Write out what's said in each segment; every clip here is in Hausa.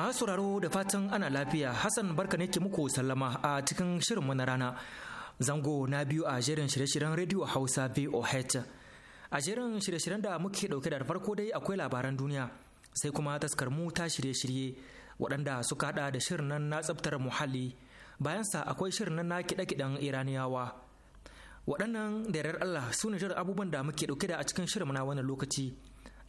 Masu sauraro da fatan ana lafiya Hassan barka ne ke muku sallama a cikin shirin na rana. Zango na biyu a jerin shirye-shiryen Radio Hausa VOH. A jerin shirye-shiryen da muke dauke da farko dai akwai labaran duniya sai kuma taskar mu ta shirye-shirye waɗanda suka hada da shirin nan na tsabtar muhalli bayansa akwai shirin nan na kiɗe-kiɗen Iraniyawa. Waɗannan da yarar Allah su ne abubuwan da muke ɗauke da a cikin shirin na wannan lokaci.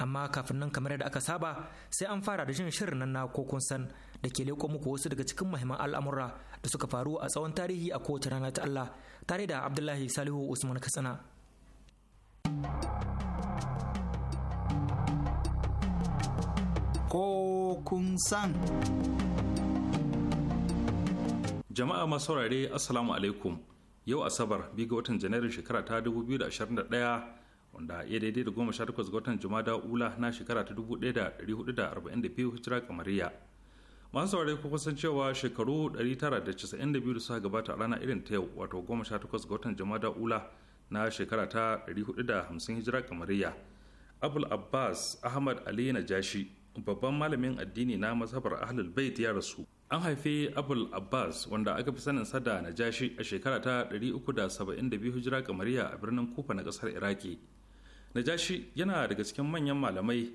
amma kafin nan kamar yadda aka saba sai an fara da jin shirin nan na ko san da ke leƙo muku wasu daga cikin muhimman al'amura da suka faru a tsawon tarihi a kowace rana ta Allah tare da Abdullahi Salihu Usman Katsina. kokun san. Jama'a masu saurare Assalamu alaikum. Yau Asabar, biyu ga watan Janairun shekara ta 2021 wanda ya daidai da goma sha takwas ga watan jumada ula na shekara ta dubu ɗaya da ɗari hudu da arba'in da biyu hijira kamariya masu saurari ko kusan cewa shekaru tara da casa'in da da biyu suka gabata a rana irin ta yau wato goma sha takwas ga watan da ula na shekara ta hudu da hamsin hijira kamariya abul abbas ahmad ali najashi babban malamin addini na mazhabar ahlul bait ya rasu an haifi abul abbas wanda aka fi sanin sada najashi a shekara ta 372 hijira kamariya a birnin kufa na kasar iraki najashi yana daga cikin manyan malamai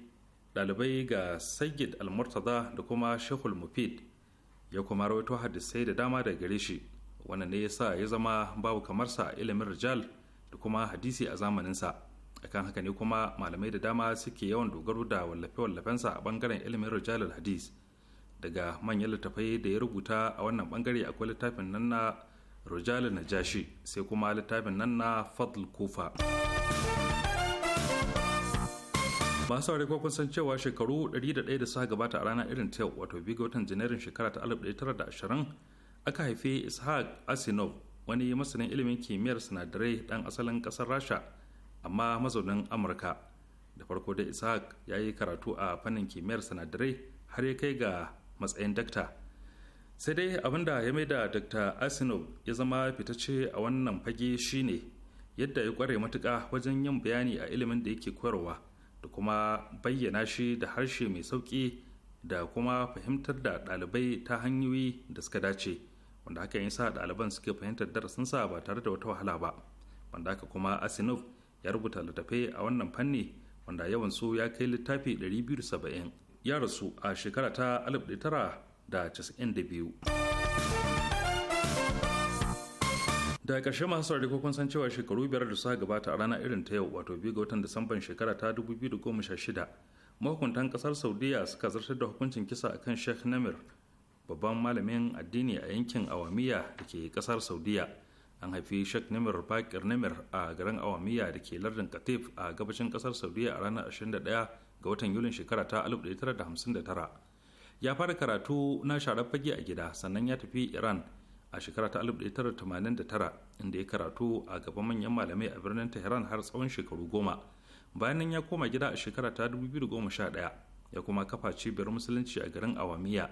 dalibai ga sayyid al murtada da kuma shehul mufid ya kuma rawaito hadisai da dama daga gare shi wannan ne yasa ya zama babu kamarsa ilimin rijal da kuma hadisi a zamaninsa akan haka ne kuma malamai da dama suke yawan dogaro da wallafe-wallafensa a bangaren ilimin rijal hadis daga manyan littafai da ya rubuta a wannan bangare akwai littafin nan na rijal najashi sai kuma littafin nan na fadl kufa masu aure kun san cewa shekaru 101 da suka gabata a rana irin ta yau wato biyu ga watan janairun shekara ta 1920 aka haifi ishaq asinov wani masanin ilimin kimiyyar sinadarai dan asalin kasar rasha amma mazaunin amurka da farko da ishaq ya yi karatu a fannin kimiyyar sinadarai har ya kai ga matsayin dakta sai dai da ya mai da dr asinov ya zama fitace a wannan fage shine yadda ya kware matuka wajen yin bayani a ilimin da yake koyarwa da kuma bayyana shi da harshe mai sauƙi da kuma fahimtar da ɗalibai ta hanyoyi da suka dace wanda haka ya sa ɗaliban suke fahimtar darasinsa ba tare da wata wahala ba wanda haka kuma asinov ya rubuta littattafai a wannan fanni wanda yawan su ya kai littafi 270 ya rasu a shekara ta 1992 da ƙarshe masu saurari ko kun san cewa shekaru biyar da suka gabata a rana irin ta yau wato biyu ga watan disamban shekara ta 2016 mahukuntan ƙasar saudiya suka zartar da hukuncin kisa akan sheikh namir babban malamin addini a yankin awamiya da ke kasar saudiya an haifi sheikh namir bakir namir a garin awamiya da ke lardin katif a gabashin kasar saudiya a ranar 21 ga watan yulin shekara ta 1959 ya fara karatu na sharar fage a gida sannan ya tafi iran a shekara ta 1989 inda ya karatu a gaban manyan malamai a birnin tehran har tsawon shekaru goma bayan nan ya koma gida a shekara ta 2011 ya kuma kafa cibiyar musulunci a garin awamiya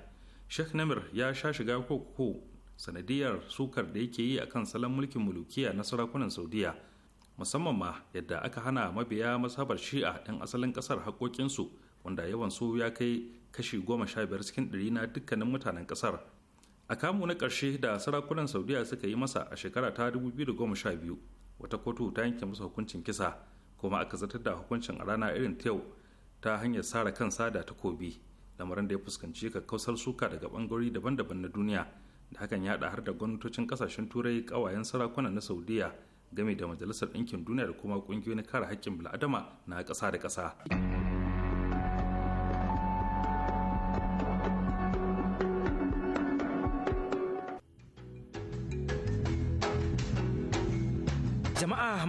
sheikh namir ya sha shiga koko sanadiyar sukar da yake yi akan salon mulkin mulukiya na sarakunan saudiya musamman ma yadda aka hana mabiya masabar shi'a 'yan asalin kasar haƙoƙinsu wanda yawan su ya kai kashi goma sha biyar cikin ɗari na dukkanin mutanen ƙasar. a kamu na karshe da sarakunan saudiya suka yi masa a shekara ta 2012 wata kotu ta yanke masa hukuncin kisa kuma aka zartar da hukuncin a rana irin ta yau ta hanyar kan sada ta takobi lamarin da ya fuskanci kakkausar suka daga bangarori daban-daban na duniya da hakan ya har da gwamnatocin kasashen turai kawayen sarakunan na saudiya game da majalisar ɗinkin duniya da kuma ƙungiyoyin kare haƙƙin bil'adama na ƙasa da ƙasa.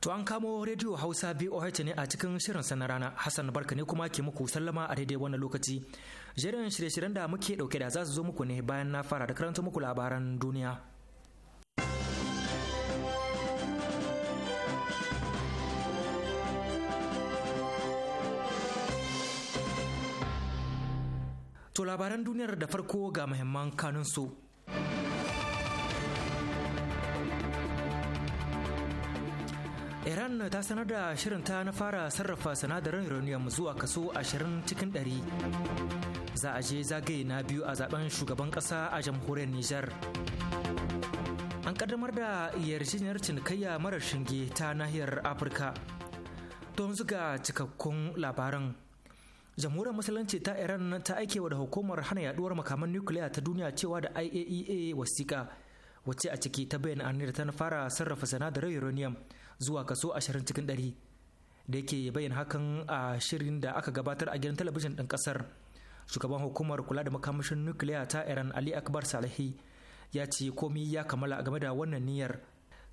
To an kamo rediyo Hausa VOH ne a cikin shirin sana rana Hassan Barka ne kuma ke muku sallama a daidai wannan lokaci. Jerin shirye-shiryen da muke dauke da za su zo muku ne bayan na fara da karanta muku labaran duniya. To labaran duniyar da farko ga muhimman kanunsu. iran ta sanar da shirinta na fara sarrafa sinadarin uranium zuwa kaso 20 cikin 100 za a je zagaye na biyu a zaben shugaban kasa a jamhuriyar nijar an kaddamar da yarjejeniyar cinikayya mara shinge ta nahiyar afirka don zuga cikakkun labaran jamhuriyar musulunci ta iran ta aikewa da hukumar hana yaduwar makaman nukiliya ta duniya cewa da iaea e wasiƙa wacce a ciki ta bayyana aniyar ta fara sarrafa sinadarin uranium zuwa kaso ashirin cikin 100 da yake bayyana hakan a shirin da aka gabatar a gidan talabijin ɗin ƙasar shugaban hukumar kula da makamashin nukiliya ta iran ali akbar salihi ya ce komi ya kammala game da wannan niyyar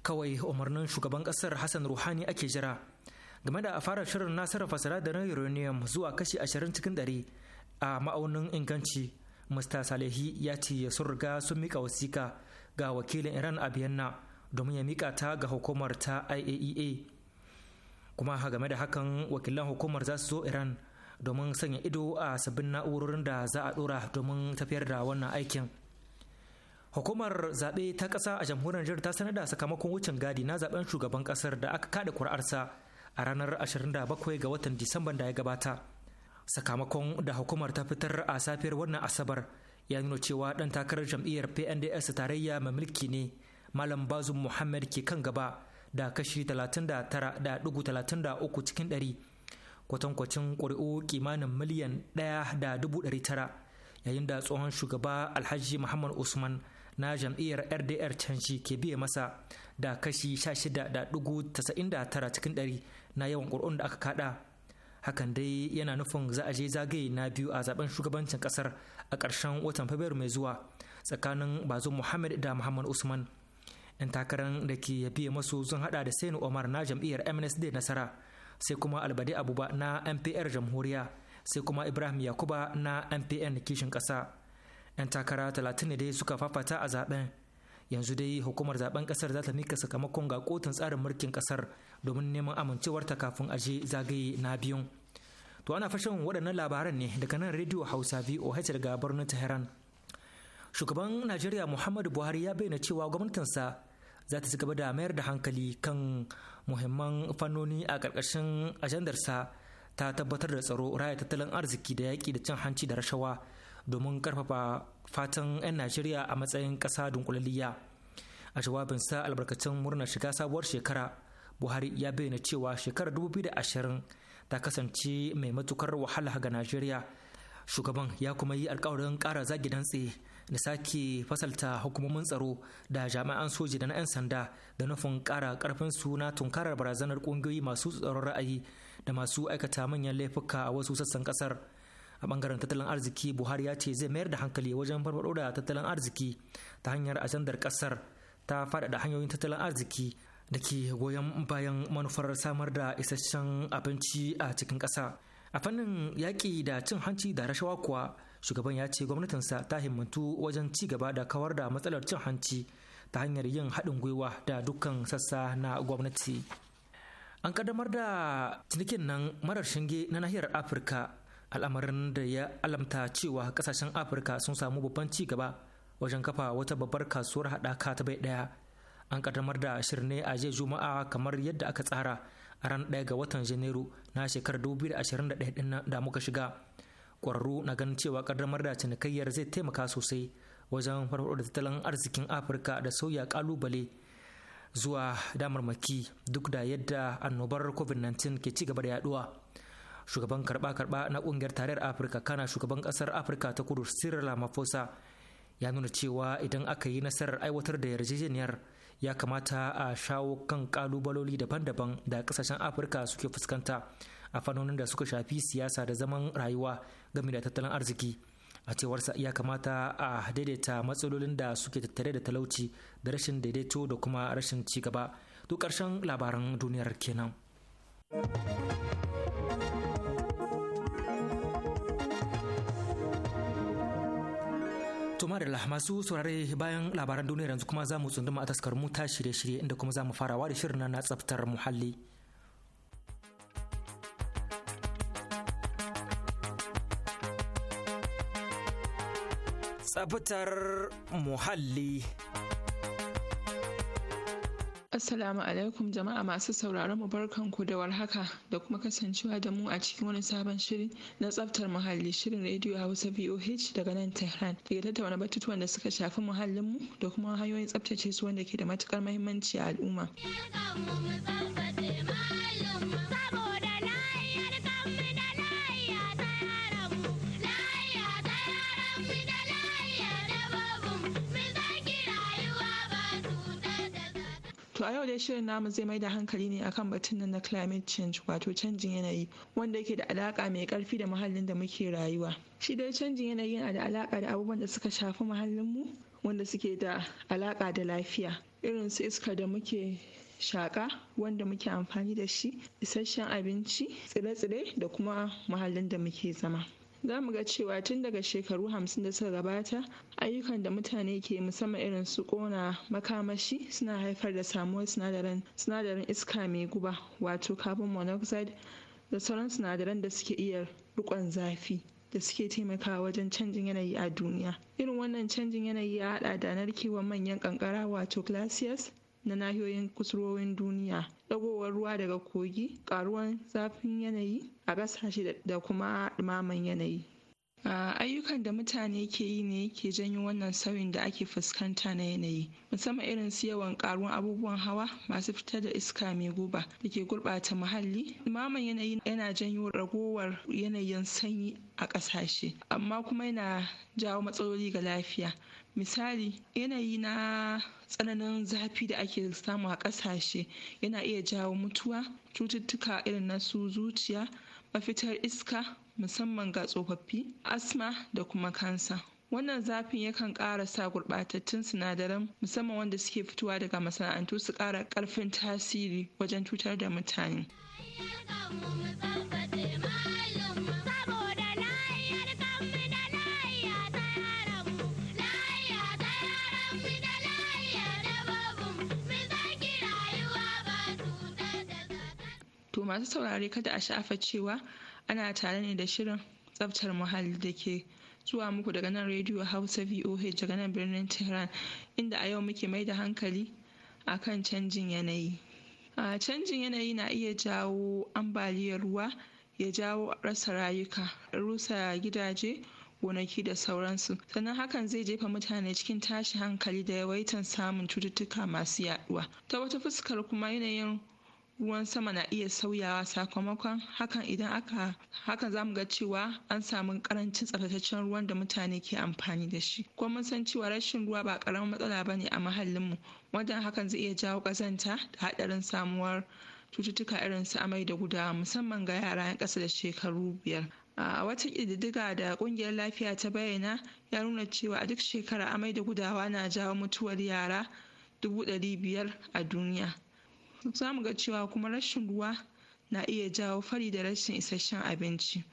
kawai umarnin shugaban ƙasar hassan ruhani ake jira game da a fara shirin na sarrafa sinadarin uranium zuwa kashi ashirin cikin 100 a ma'aunin inganci mr salehi ya ce sun riga sun mika wasiƙa ga wakilin iran a biyanna domin ya mika ta ga hukumar ta IAEA e kuma game da hakan wakilan hukumar za su zo Iran domin sanya ido a sabbin na'urorin da za a dora domin tafiyar da wannan aikin hukumar zaɓe ta ƙasa a jamhuriyar Nijar ta sanar da sakamakon wucin gadi na zaɓen shugaban ƙasar da aka kaɗe kuri'arsa a ranar 27 ga watan Disamban da ya gabata sakamakon da hukumar ta fitar a safiyar wannan asabar ya nuna cewa ɗan takarar jam'iyyar PNDS tarayya mai mulki ne malam bazum muhammad ke kan gaba da kashi 39.33 cikin ɗari kwatankwacin ƙuri'u kimanin miliyan 1.900 yayin da tsohon shugaba alhaji muhammad usman na jam'iyyar rdr canji ke biye masa da kashi 16.99 cikin ɗari na yawan ƙuri'un da aka kaɗa hakan dai yana nufin za a je zagaye na biyu a zaben shugabancin kasar a ƙarshen watan fabrairu mai zuwa tsakanin bazo muhammad da muhammad usman 'yan takarar da ke ya biya masu sun hada da sainu omar na jam'iyyar mnsd nasara sai kuma albade abuba na mpr jamhuriya sai kuma ibrahim yakuba na mpn kishin ƙasa 'yan takara 30 ne dai suka fafata a zaben yanzu dai hukumar zaben ƙasar za ta mika sakamakon ga kotun tsarin mulkin kasar domin neman amincewarta kafin aje zagaye na biyun to ana fashin waɗannan labaran ne daga nan rediyo hausa voh daga birnin tehran shugaban najeriya muhammadu buhari ya bayyana cewa gwamnatinsa za ta ci gaba da mayar da hankali kan muhimman fannoni a ƙarƙashin ajandarsa ta tabbatar da tsaro raya tattalin arziki da yaƙi da cin hanci da rashawa domin ƙarfafa fatan 'yan najeriya a matsayin ƙasa dunkulaliya a jawabinsa albarkacin murnar shiga sabuwar shekara buhari ya bayyana cewa shekarar 2020 ta kasance mai matukar wahala ga najeriya shugaban ya kuma yi alkawarin ƙara zagi dantse da sake fasalta hukumomin tsaro da jami'an soji da na 'yan sanda da nufin kara ƙarfin suna tunkarar barazanar ƙungiyoyi masu tsaron ra'ayi da masu aikata manyan laifuka a wasu sassan ƙasar a bangaren tattalin arziki buhari ya ce zai mayar da hankali wajen farfado da tattalin arziki ta hanyar ajandar ƙasar ta faɗaɗa hanyoyin tattalin arziki da ke goyon bayan manufar samar da isasshen abinci a cikin ƙasa a fannin yaƙi da cin hanci da rashawa kuwa shugaban ya ce gwamnatinsa ta himmatu wajen ci gaba da kawar da matsalar cin hanci ta hanyar yin haɗin gwiwa da dukkan sassa na gwamnati an kaddamar da cinikin nan marar shinge na nahiyar afirka al'amarin da ya alamta cewa kasashen afirka sun samu babban ci gaba wajen kafa wata babbar kasuwar haɗaka ta bai ɗaya an kaddamar da shirne a jiya juma'a kamar yadda aka tsara a ran ɗaya ga watan janairu na shekarar 2021 da muka shiga kwararru na ganin cewa ƙaddamar da cinikayyar zai taimaka sosai wajen farfaɗo da tattalin arzikin afirka da sauya kalubale. zuwa damarmaki duk da yadda annobar covid-19 ke ci gaba da yaduwa shugaban karba-karba na ƙungiyar tarayyar afirka kana shugaban ƙasar afirka ta kudu cyril ramaphosa ya nuna cewa idan aka yi nasarar aiwatar da yarjejeniyar ya kamata a shawo kan kalubaloli daban-daban da kasashen afirka suke fuskanta a fannonin da suka shafi siyasa da zaman rayuwa game da tattalin arziki a cewarsa ya kamata a daidaita matsalolin da suke tattare da talauci da rashin daidaito da kuma rashin cigaba duk ƙarshen labaran duniyar kenan. Tumarila masu saurare bayan labaran duniyar yanzu kuma za mu tsunduma a taskar mu ta shirye-shirye inda kuma za mu farawa da shirin na tsaftar muhalli. tsabtar muhalli. Assalamu alaikum jama'a masu sauraron mu barkanku da warhaka da kuma kasancewa da mu a cikin wani sabon shiri na tsaftar muhalli shirin rediyo Hausa VOH daga nan Tehran. Daga tattauna batutuwan da suka shafi muhallin mu, da kuma hanyoyin tsaftace su wanda ke da matukar muhimmanci a al'umma. To a yau dai shirin namu zai mai da hankali ne a kan batun nan na climate change wato canjin yanayi wanda yake da alaka mai ƙarfi da muhallin da muke rayuwa. Shi dai canjin yanayi yana da alaka da abubuwan da suka shafi muhallinmu wanda suke da alaƙa da lafiya irin su iska da muke shaƙa wanda muke amfani da shi isasshen abinci tsire-tsire da kuma muhallin da muke zama za mu ga cewa tun daga shekaru hamsin da suka gabata ayyukan da mutane ke musamman irin su kona makamashi suna haifar da samuwar sinadarin iska mai guba wato carbon monoxide da sauran sinadaran da suke iya rikon zafi da suke taimakawa wajen canjin yanayi a duniya irin wannan canjin yanayi ya haɗa da narkewar manyan kankara wato glaciers na nahiyoyin kusurwoyin duniya ɗagowar ruwa daga kogi ƙaruwan zafin yanayi a ƙasashe da kuma ɗumaman yanayi ayyukan da mutane ke yi ne ke janyo wannan sauyin da ake fuskanta na yanayi musamman irin su yawan karuwan abubuwan hawa masu fitar da iska mai guba da ke gurɓata muhalli Dumaman yanayi yana janyo ragowar yanayin sanyi a ƙasashe amma kuma yana jawo matsaloli ga lafiya misali yanayi na tsananin zafi da ake samu a ƙasashe yana iya jawo mutuwa cututtuka irin na su zuciya mafitar iska musamman ga tsofaffi asma da kuma kansa wannan zafin yakan ƙara sa gurɓatattun sinadaran musamman wanda suke fitowa daga masana'antu su ƙara ƙarfin tasiri wajen cutar da mutane. To masu saurare kada a sha'afa cewa ana tare ne da shirin tsaftar muhalli da ke zuwa muku daga nan rediyo Hausa VOH daga nan birnin Tehran inda a yau muke mai da hankali kan canjin yanayi. A canjin yanayi na iya jawo ambaliyar ruwa ya jawo rasa rayuka, rusa gidaje, gonaki da sauransu. Sannan hakan zai jefa mutane cikin tashi hankali da yawaitan samun cututtuka masu yaduwa. Ta wata fuskar kuma yanayin ruwan sama na iya sauyawa sakamakon hakan idan aka hakan zamu ga cewa an samu karancin tsaftataccen ruwan da mutane ke amfani da shi kuma mun san cewa rashin ruwa ba karamin matsala bane a muhallinmu wajen hakan zai iya jawo kazanta da haɗarin samuwar cututtuka irin su amai da gudawa musamman ga yara 'yan ƙasa da shekaru biyar a wata ƙididdiga da ƙungiyar lafiya ta bayyana ya nuna cewa a duk shekara amai da gudawa na jawo mutuwar yara dubu ɗari biyar a duniya za mu ga cewa kuma rashin ruwa na iya jawo fari da rashin isasshen abinci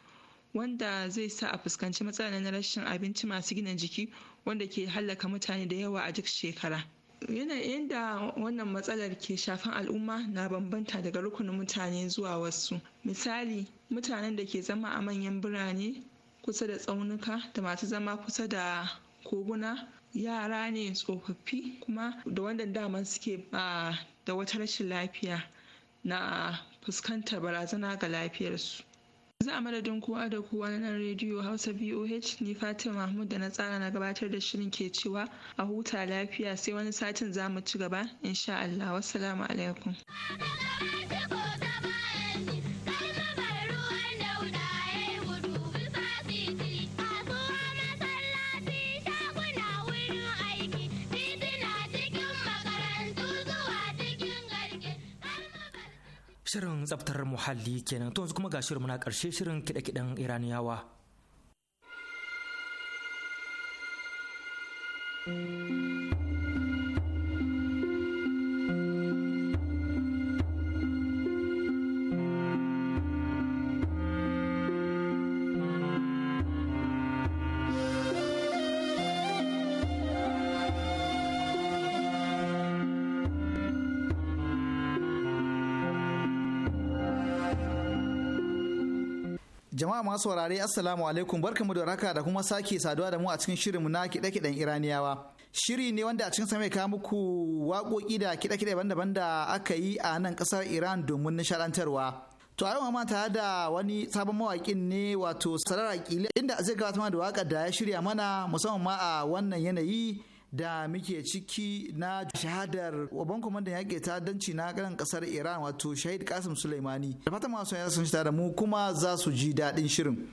wanda zai sa a fuskanci matsala na rashin abinci masu gina jiki wanda ke hallaka mutane da yawa a duk shekara yanayin da wannan matsalar ke shafan al'umma na bambanta daga rukunin mutane zuwa wasu misali mutanen da ke zama a manyan birane kusa da tsaunuka da masu zama kusa da koguna yara ne tsofaffi kuma da wanda daman suke ah, da wata rashin lafiya na fuskantar barazana ga lafiyarsu. Za a madadin kowa da kowa na nan rediyo Hausa B.O.H ni Fatima Mahmud da na tsara na gabatar da shirin ke cewa a huta lafiya sai wani satin za mu ci gaba insha Allah. Wassalamu alaikum. Shirin tsabtar muhalli kenan to yanzu kuma ga shirin muna karshe shirin kiɗe-kiɗen Iraniyawa. masu warare assalamu alaikum barkamu da raka da kuma sake saduwa da mu a cikin shirinmu na kiɗe-kiɗen iraniyawa shiri ne wanda a cikin sa mai kawo muku waƙoƙi da kiɗe-kiɗe daban-daban da aka yi a nan ƙasar iran domin nishaɗantarwa to a yau ma tare da wani sabon mawaƙin ne wato sarar inda zai gabatar da waƙa da ya shirya mana musamman ma a wannan yanayi da muke ciki na shahadar waban kwamandan yaƙi ta'addanci na ƙaran ƙasar iran wato shahid kasim suleimani da fatan masu yasa sun da mu kuma za su ji daɗin shirin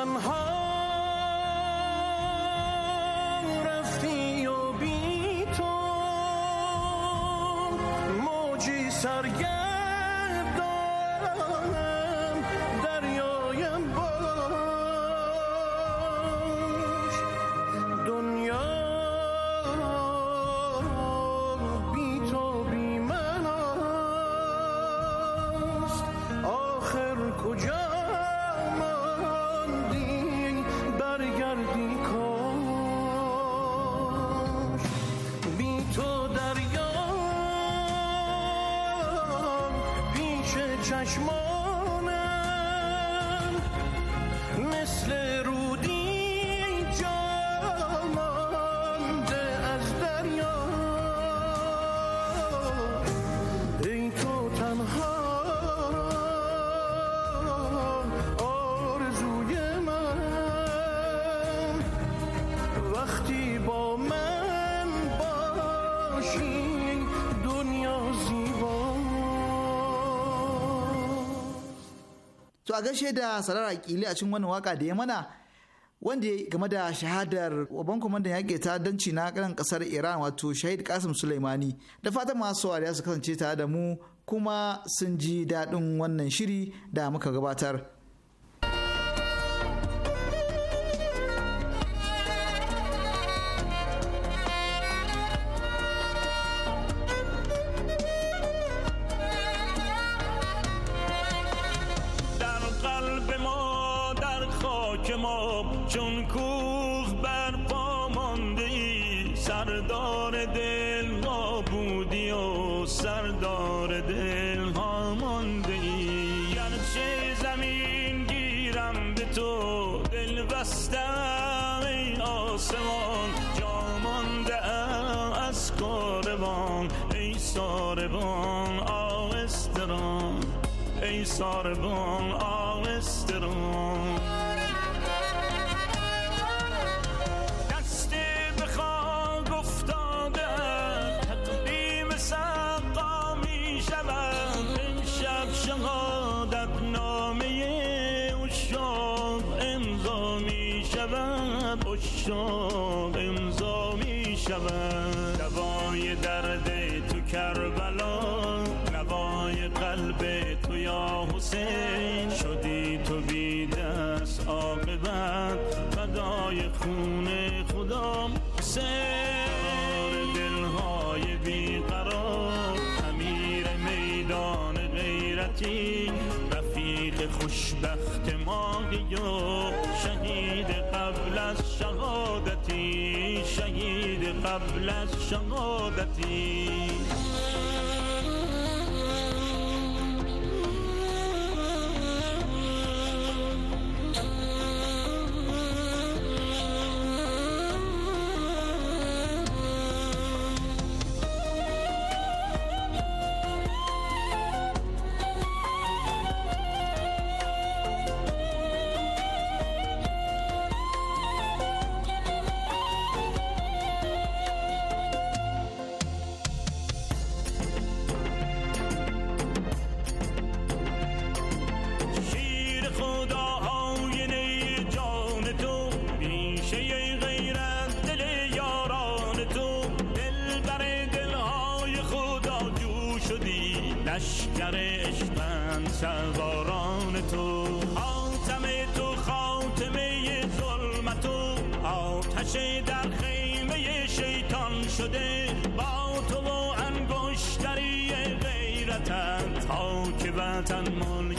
I'm home. a gaishe da sarara kili a cikin wannan waka da ya mana wanda game da shahadar babban kwamandan yaƙi ta danci na ƙaran ƙasar iran wato shahid kasim suleimani da fatan masu saurari su kasance tare da mu kuma sun ji daɗin wannan shiri da muka gabatar که ما چون کوخ بر پا مانده سردار دل ما بودی و سردار دل ها مانده ای گرچه زمین گیرم به تو دل بستم ای آسمان جا مانده از کاروان ای ساربان استران ای ساربان shangoda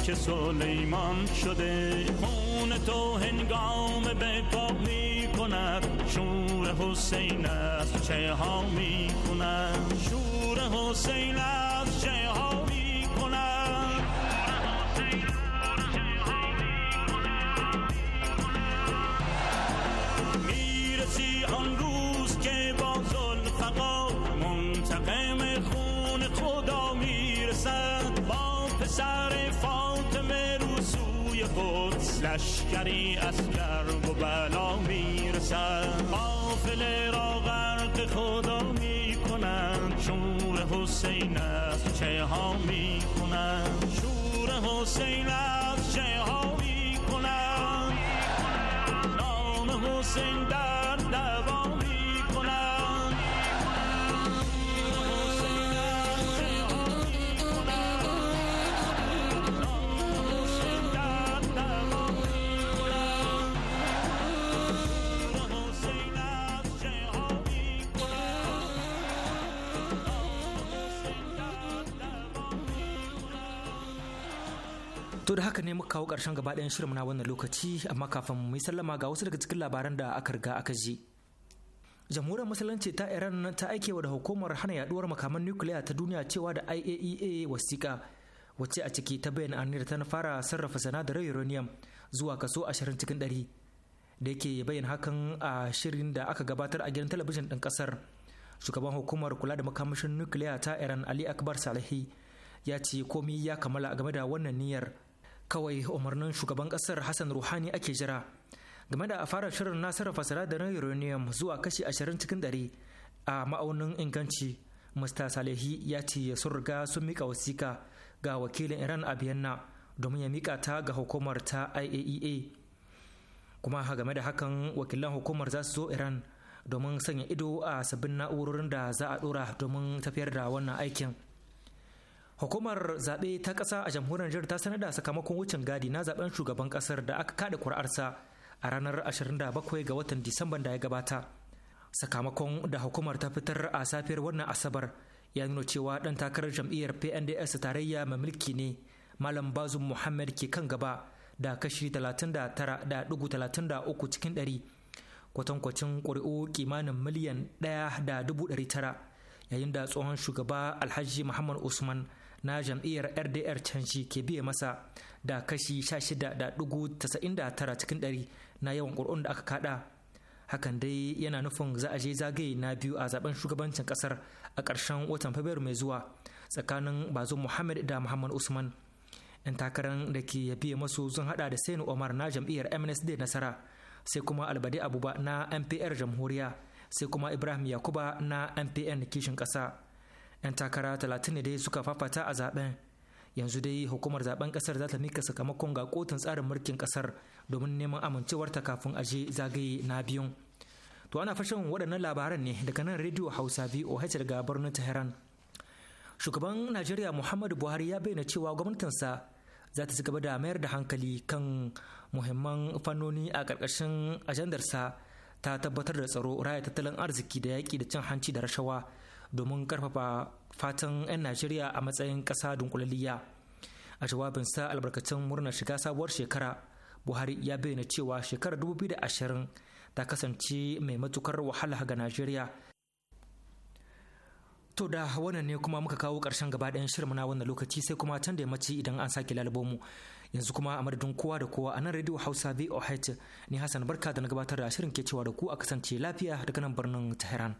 که سلیمان شده خون تو هنگام پا می کند شور حسین است چه ها می کند شور حسین لشکری از گرب و بلا میرسد قافل را غرق خدا میکنند شور حسین است چه ها میکنند شور حسین از چه ها میکنند نام حسین در ne muka kawo ƙarshen gaba ɗayan shirin na wannan lokaci amma kafin mu yi sallama ga wasu daga cikin labaran da aka riga aka ji. Jamhuriyar Musulunci ta Iran ta wa da hukumar hana yaduwar makaman nukiliya ta duniya cewa da IAEA e wasiƙa wacce a ciki ta bayyana aniyar ta fara sarrafa sinadarin uranium zuwa kaso 20 cikin 100 da yake bayyana hakan a shirin da aka gabatar a gidan talabijin ɗin ƙasar. Shugaban hukumar kula da makamashin nukiliya ta Iran Ali Akbar Salehi ya ce komi ya kammala game da wannan niyyar kawai umarnin shugaban kasar hassan ruhani ake jira game da a fara shirin na sarrafa sinadarin uranium zuwa kashi ashirin cikin dare, a ma'aunin inganci mr salehi ya ce sun riga sun mika wasika ga wakilin iran a Biyanna domin ya mika ta ga hukumar ta iaea e kuma game da hakan wakilan hukumar za su zo iran domin sanya ido a sabbin na'urorin da za a dora domin tafiyar da wannan aikin Hukumar zaɓe ta ƙasa a jamhuriyar Nijar ta sanar da sakamakon wucin gadi na zaben shugaban ƙasar da aka kada kuri'arsa a ranar 27 ga watan Disamban da ya gabata. Sakamakon da hukumar ta fitar a safiyar wannan Asabar ya nuna cewa ɗan takarar jam'iyyar PNDS tarayya mai mulki ne Malam Bazum Muhammad ke kan gaba da kashi 39.33 cikin ɗari kwatankwacin ƙuri'u kimanin miliyan 1.900 yayin da tsohon shugaba Alhaji Muhammad Usman na jam'iyyar rdr canji ke biye masa da kashi 16.99 cikin ɗari na yawan ƙuri'un da aka kada hakan dai yana nufin za a je zagaye na biyu a zaben shugabancin kasar a ƙarshen watan fabrairu mai zuwa tsakanin bazu muhammad da muhammad usman yan takarar da ke biye masu sun hada da sainu omar na jam'iyyar mnsd nasara sai kuma albade abuba na mpr jamhuriya sai kuma ibrahim yakuba na mpn kishin ƙasa 'yan takara talatin ne dai suka fafata a zaben yanzu dai hukumar zaben kasar za ta mika sakamakon ga kotun tsarin mulkin kasar domin neman amincewarta kafin aje zagaye na biyun to ana fashin waɗannan labaran ne daga nan rediyo hausa voh daga birnin tehran shugaban najeriya muhammadu buhari ya bayyana cewa gwamnatinsa za ta ci gaba da mayar da hankali kan muhimman fannoni a ƙarƙashin ajandarsa ta tabbatar da tsaro raya tattalin arziki da yaƙi da cin hanci da rashawa domin karfafa fatan 'yan najeriya a matsayin ƙasa dunkulaliya a jawabin sa albarkacin murnar shiga sabuwar shekara buhari ya bayyana cewa shekarar 2020 ta kasance mai matukar wahala ga najeriya To da wannan ne kuma muka kawo ƙarshen gaba ɗayan shirin na wannan lokaci sai kuma can da yammaci idan an sake lalbomu yanzu kuma a madadin kowa da kowa a nan radio hausa voh ne hassan barka da na gabatar da shirin ke cewa da ku a kasance lafiya daga nan birnin tehran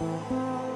Música